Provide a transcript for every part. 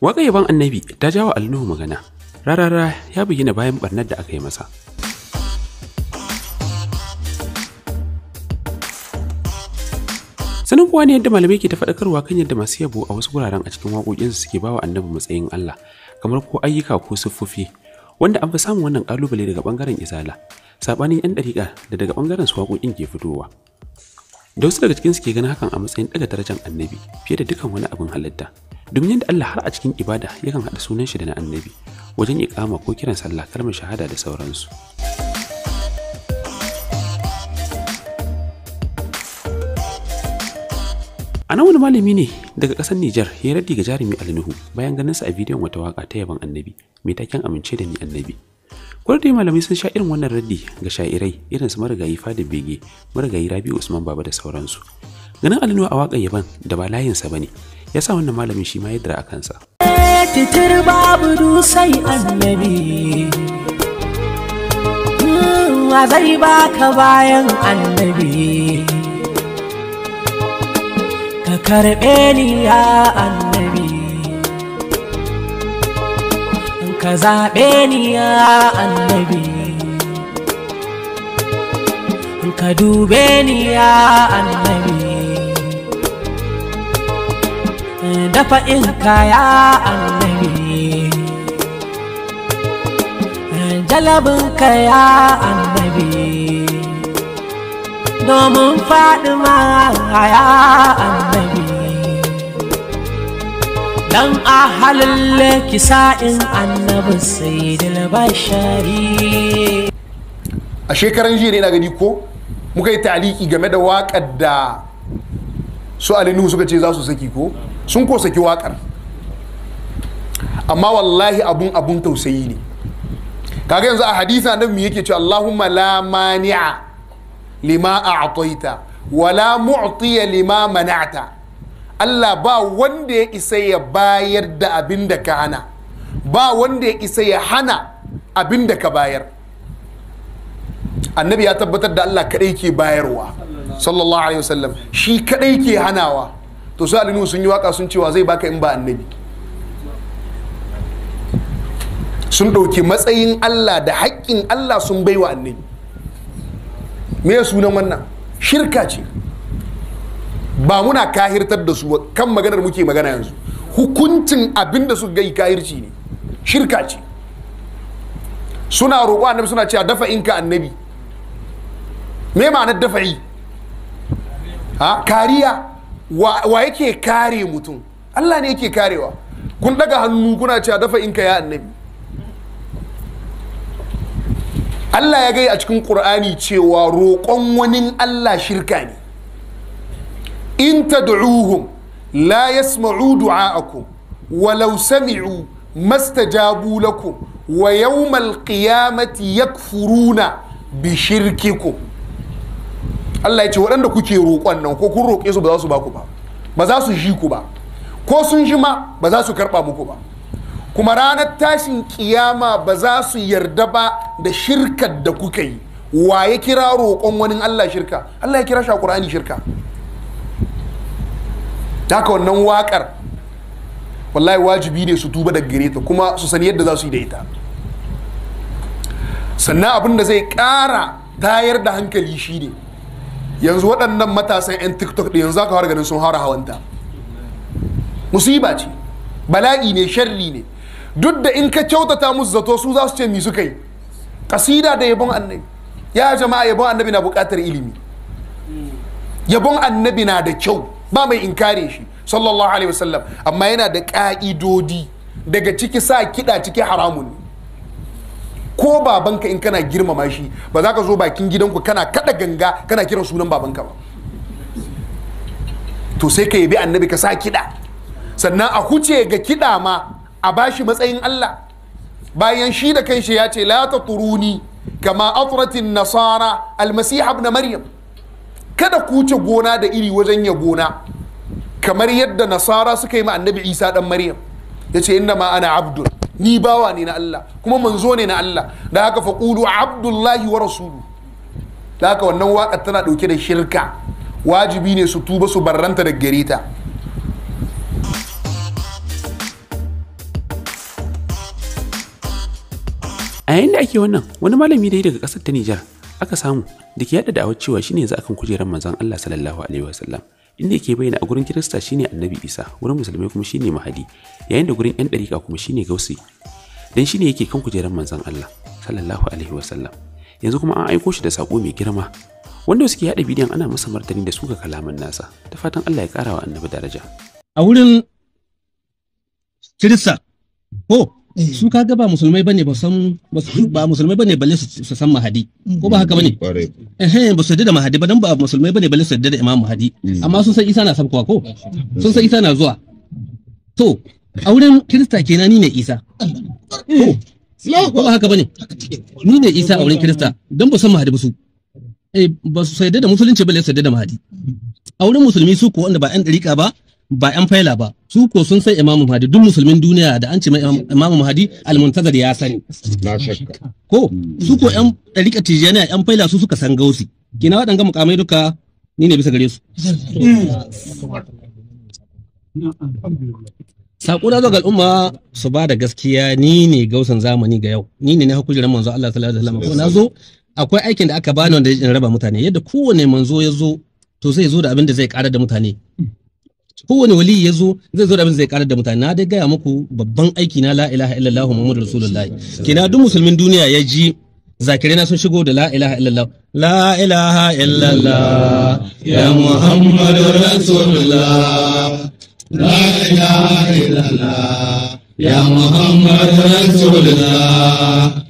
Waƙa yaban annabi ta jawo alnuhu magana, rarara ya bayyana bayan barnar da aka yi masa. Sanin kuwa ne yadda malamai ke ta faɗakarwa kan yadda masu yabo a wasu wuraren a cikin waƙoƙinsu suke bawa annabi matsayin Allah, kamar ko ayyuka ko siffofi, wanda an fi samun wannan ƙalubale daga ɓangaren izala, saɓanin 'yan ɗariƙa da daga ɓangaren su waƙoƙin ke fitowa. da wasu daga cikinsu ke ganin hakan a matsayin daga darajar annabi fiye da dukan wani abin halitta domin yadda Allah har a cikin ibada yakan haɗa sunan shi da na annabi wajen iƙama ko kiran sallah kalmar shahada da sauransu a nan wani malami ne daga ƙasar Nijar ya raddi ga jarumi Nuhu bayan ganin sa a bidiyon wata waka ta yaban annabi mai taken amince da ni annabi yi malamai sun sha irin wannan raddi ga sha'irai irin su marigayi Fadin Bege, marigayi Rabi Usman Baba da sauransu. Ganin Alinuwa a waƙar yaban da ba layinsa ba ne, ya sa wannan malamin shi ma ya dara a kansa. Titir babu dusai annabi, wa hmm, zai baka bayan annabi. Ka karɓe ni ya annabi. ka zaɓe ni ya annabi ka dube ni ya annabi dafa inka ya annabi jalabinka ya annabi domin faɗi ma ya annabi dan kisa in annabi sayyidil bashari a shekaran jiya ne na gani ko muka yi taliki game da waƙar da su alinu suka ce za su saki ko sun ko saki waƙar amma wallahi abun abun tausayi ne kaga yanzu a hadisa nan mu yake cewa Allahumma la mani'a lima a'taita wala mu'tiya lima mana'ta Allah ba wanda ya isa ya bayar da abin da ka hana ba wanda ya isa ya hana abin da ka bayar annabi ya tabbatar da Allah kadai ke bayarwa sallallahu alaihi wasallam shi kadai ke hanawa to su alinu sun yi waka sun cewa zai baka in ba annabi sun ɗauki matsayin Allah da haƙƙin Allah sun baiwa annabi me sunan wannan shirka ce ba muna kahirtar da su kan maganar muke magana yanzu hukuncin abin da su gai kahirci ne shirka ce suna roƙo annabi suna cewa dafa inka annabi me ma'anar dafa yi ha kariya wa yake kare mutum Allah ne yake karewa kun daga hannu kuna cewa dafa inka ya annabi Allah ya gai a cikin Qur'ani cewa roƙon wani Allah shirka ne in tad'uuhum la yasma'u du'a'akum walau sami'u mastajabu lakum wa yawmal qiyamati yakfuruna bi shirkikum Allah ya ce waɗanda kuke roƙon nan ko kun roƙe su ba za su ba ba ba za su ji ku ba ko sun ji ma ba za su karɓa muku ba kuma ranar tashin kiyama ba za su yarda ba da shirkar da kuka yi wa ya kira roƙon wani Allah shirka Allah ya kira shi a Qur'ani shirka da haka wannan wakar wallahi wajibi ne su tuba daga gare ta kuma su sani yadda za su yi da ita sannan abin da zai ƙara tayar da hankali shi ne yanzu waɗannan matasan 'yan tiktok da yanzu aka ka ganin sun hara hawanta musiba ce bala'i ne sharri ne duk da in ka kyautata musu zato su za su ce mi suka yi kasida da yabon annabi ya jama'a yabon annabi na buƙatar ilimi yabon annabi na da kyau ba mai inkare shi sallallahu alaihi wasallam amma yana da ƙa'idodi daga ciki sa kiɗa ciki haramun ko babanka in kana girmama shi ba za ka zo bakin gidanku kana kada ganga kana kiran sunan babanka ba to sai ka yabi annabi ka sa kiɗa sannan a huce ga kiɗa ma a bashi matsayin Allah bayan shi da kanshi ya ce la taturuni kama afratin nasara almasiha ibn maryam kada ku wuce gona da iri wajen ya gona kamar yadda nasara suka yi ma annabi isa dan maryam ya ce inna ma ana abdul ni bawa ne na allah kuma manzo ne na allah da haka kulu abdullahi wa rasulu da haka wannan waƙar tana ɗauke da shirka wajibi ne su tuba su barranta da gare ta a yayin da ake wannan wani malami da daga ƙasar ta nijar aka samu da ke yada da'awar cewa shine a kan kujerar manzon Allah sallallahu alaihi wasallam inda yake bayyana a gurin Kirista shine Annabi Isa gurin musulmai kuma shine Mahadi yayin da gurin ɗan ɗarika kuma shine Gausi dan shine yake kan kujerar manzon Allah sallallahu alaihi wasallam yanzu kuma an aiko shi da sako mai girma wanda suke yada bidiyon ana masa martani da suka kalaman nasa ta fatan Allah ya karawa Annabi daraja a wurin Kirista ko Eh. su kaga ba musulmai bane ba san ba hmm. musulmai bane balle su san mahadi hmm. ko ba haka bane eh ba su da mahadi ba dan ba musulmai bane balle su da imam mahadi hmm. amma sun san isa na sabkowa ko sun san isa na zuwa to auren kirista kenan ni ne isa ko ba haka bane ni ne isa auren kirista dan ba san mahadi ba su eh ba su sayar da musulunci balle su sayar da mahadi auren musulmi su ko wanda ba yan dariƙa ba ba yan faila ba su ko sun san imamu mahdi duk musulmin duniya da an ce imamu mahdi almuntazar ya sani ko hmm. su ko yan dariƙa tijaniya yan faila su suka san gausi kina waɗanga mukamai duka ni ne bisa gare su Saƙuna na al'umma su ba da gaskiya ni ne gausan zamani ga yau ni ne na hukujiran manzo Allah sallallahu alaihi wasallam ko na zo akwai aikin da aka bani wanda ya raba mutane yadda kowane manzo ya zo to ya zo da abin da zai ƙara da mutane kowane wali ya zo zai zo da abin zai karar da mutane na dai gaya muku babban aiki na la ilaha illallah muhammadu rasulullah kina duk musulmin duniya ya ji zakirai na sun shigo da la ilaha illallah la ilaha illallah ya muhammadu rasulullah la ilaha illallah ya muhammadu rasulullah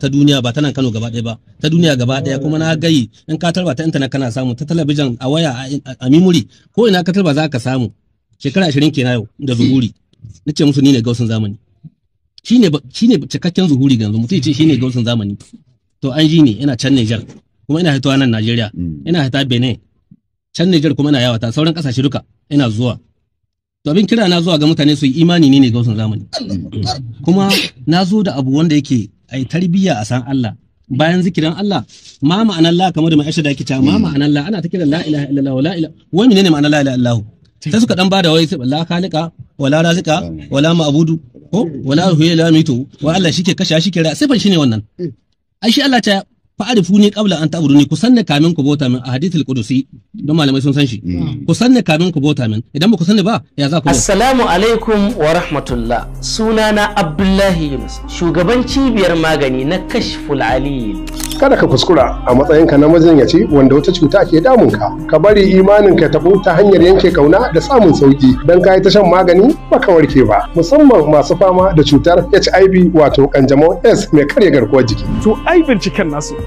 ta duniya ba ta nan Kano gaba ɗaya ba ta duniya gaba ɗaya kuma na gayi in ka tarba ta intanet kana samu ta talabijin a waya a mimuri ko ina ka tarba za ka samu shekara ashirin kenan yau da zuhuri na ce musu ni ne gausun zamani shine shine cikakken zuhuri ga yanzu mutum ya ce shine gausun zamani to an ji ne ina can Niger kuma ina haituwa nan Najeriya mm. ina haita Benin can Niger kuma ina yawata sauran kasashe duka ina zuwa to abin kira na zuwa ga mutane su yi imani ne ne gausun zamani mm. kuma na zo da abu wanda yake ai tarbiyya a san Allah bayan zikirin Allah ma ma'anar la kamar da mai aisha da yake cewa ma hmm. ma'anar la ana ta kira la ilaha illallah wala ila wai ne ma'anar la ilaha illallah sai suka dan bada wai la khaliqa wala razika wala ma'budu ko wala huwa la mitu wa Allah shike kasha shike sai sifan shine wannan hmm. ai shi Allah ta fa'arifu ne qabla an ta'budu ni kamin ku bota min a hadithul qudusi don malamai sun san shi hmm. ne kamin ku bota min idan ba ku sani ba ya za ku assalamu alaikum wa rahmatullah sunana abdullahi yunus shugaban cibiyar magani na kashful alil kada ka kuskura a matsayin ka na majinyaci wanda wata cuta ke damun ka Ka bari imanin ka tabu ta hanyar yanke kauna da samun sauki dan ka yi ta shan magani ba ka warke ba musamman masu fama da cutar HIV wato kanjamau S mai karya garkuwar jiki to ai binciken nasu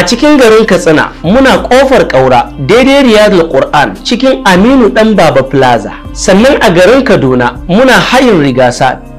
a cikin garin katsina muna kofar kaura daidai riyadul qur'an cikin aminu dan baba plaza sannan a garin kaduna muna hayin rigasa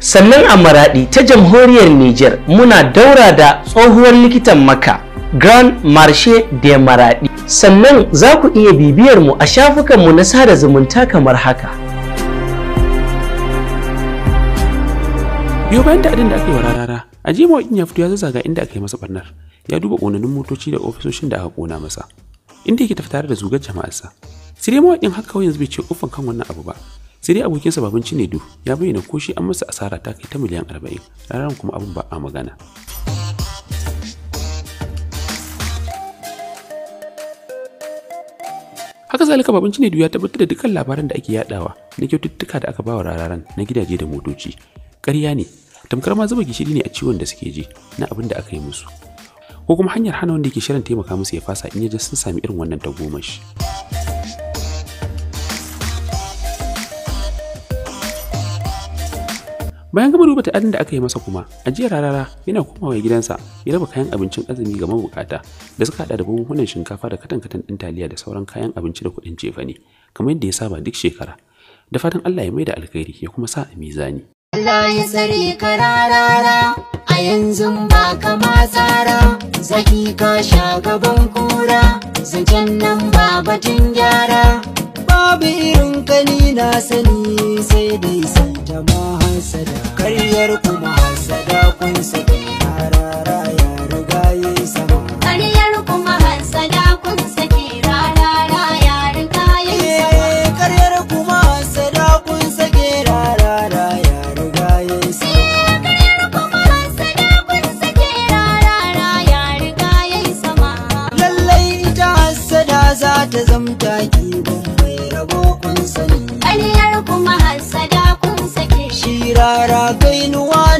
sannan a maraɗi ta jamhuriyar Nijar muna daura da tsohuwar likitan maka grand marche de maraɗi sannan za ku iya bibiyar mu a shafukanmu na sada zumunta kamar haka biyo bayan ta'adin da aka yi wa rarara a jima mawaƙin ya fito ya zazzaga inda aka yi masa barnar ya duba ƙonannun motoci da ofisoshin da aka ƙona masa inda yake tafi tare da zugar jama'arsa sai dai mawaƙin haka kawai yanzu bai ce ufan kan wannan abu ba sai dai abokinsa baban cinedu ya bayyana ko shi an masa asara ta kai ta miliyan 40 ranar kuma abin ba a magana haka zalika baban cinedu ya tabbatar da dukkan labaran da ake yadawa na kyaututtuka da aka bawa rararan na gidaje da motoci ƙarya ne tamkar ma zuba gishiri ne a ciwon da suke ji na abin da aka yi musu ko kuma hanyar hana wanda yake shirin taimaka musu ya fasa in ya sun sami irin wannan tagomashi. bayan gama duba ta'adin da aka yi masa kuma a jiya rarara yana komawa gidansa ya raba kayan abincin azumi ga mabukata da suka hada da buhunhunan shinkafa da katan-katan ɗin taliya da sauran kayan abinci da kuɗin cefane kamar yadda ya saba duk shekara da fatan Allah ya da alkhairi ya kuma sa a mizani Allah ya tsare ka rarara a yanzu ba ka matsara zaki ka sha gaban kura zancen nan ba batun gyara babu irin kani na sani sai dai sai jama'a. hasada kuma hasada kun da.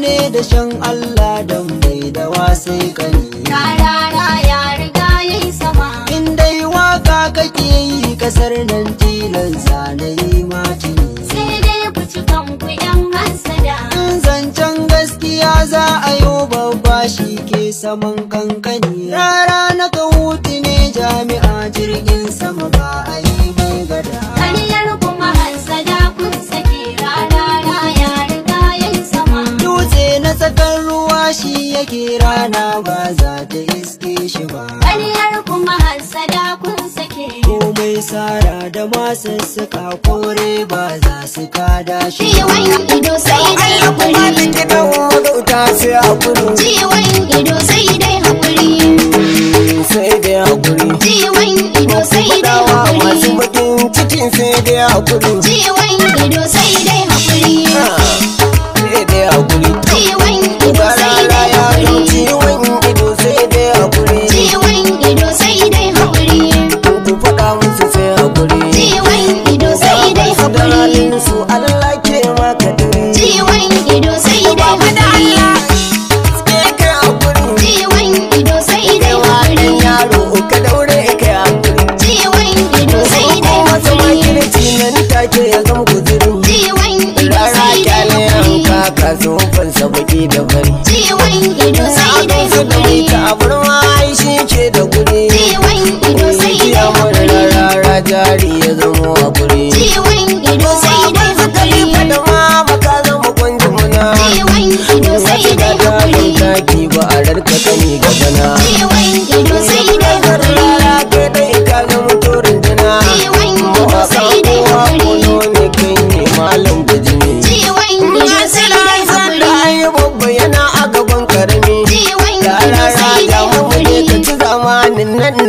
ne da shan Allah da bai da wasai kani. Rarara ya riga ya yi sama. In dai waka kake yi kasar nan tilan zanayi mati. Sai dai ku ci kanku yan hansada. In zancen gaskiya za a yi babba shi ke saman kankani. asara da masu suka kore ba za su kada shi ciwon ido sai dai hakuri ai kuma gidan wadauta sai hakuri ciwon ido sai dai hakuri sai dai hakuri ciwon ido sai dai hakuri masu ah. bakin cikin sai dai hakuri ciwon ido sai dai hakuri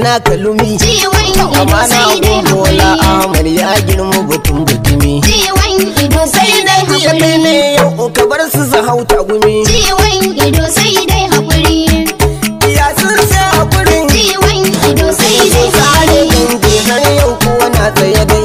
na kalumi amana gogo la amal ya girma batun batumi sai dai hakuri ne yau ka bar su su hauta gumi ciwon ido sai dai hakuri ya sun sai hakuri ciwon ido sai dai hakuri yau kuwa na tsaye